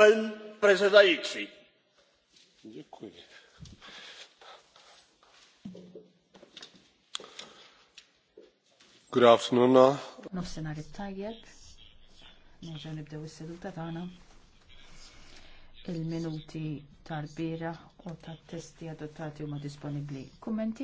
pan predsedající. Děkuji. Good afternoon. Nofsenar it-tajjeb. Nerġa' nibdew is-seduta tagħna. Il-minuti tal-bira u tat-testi adottati huma disponibbli. Kummenti?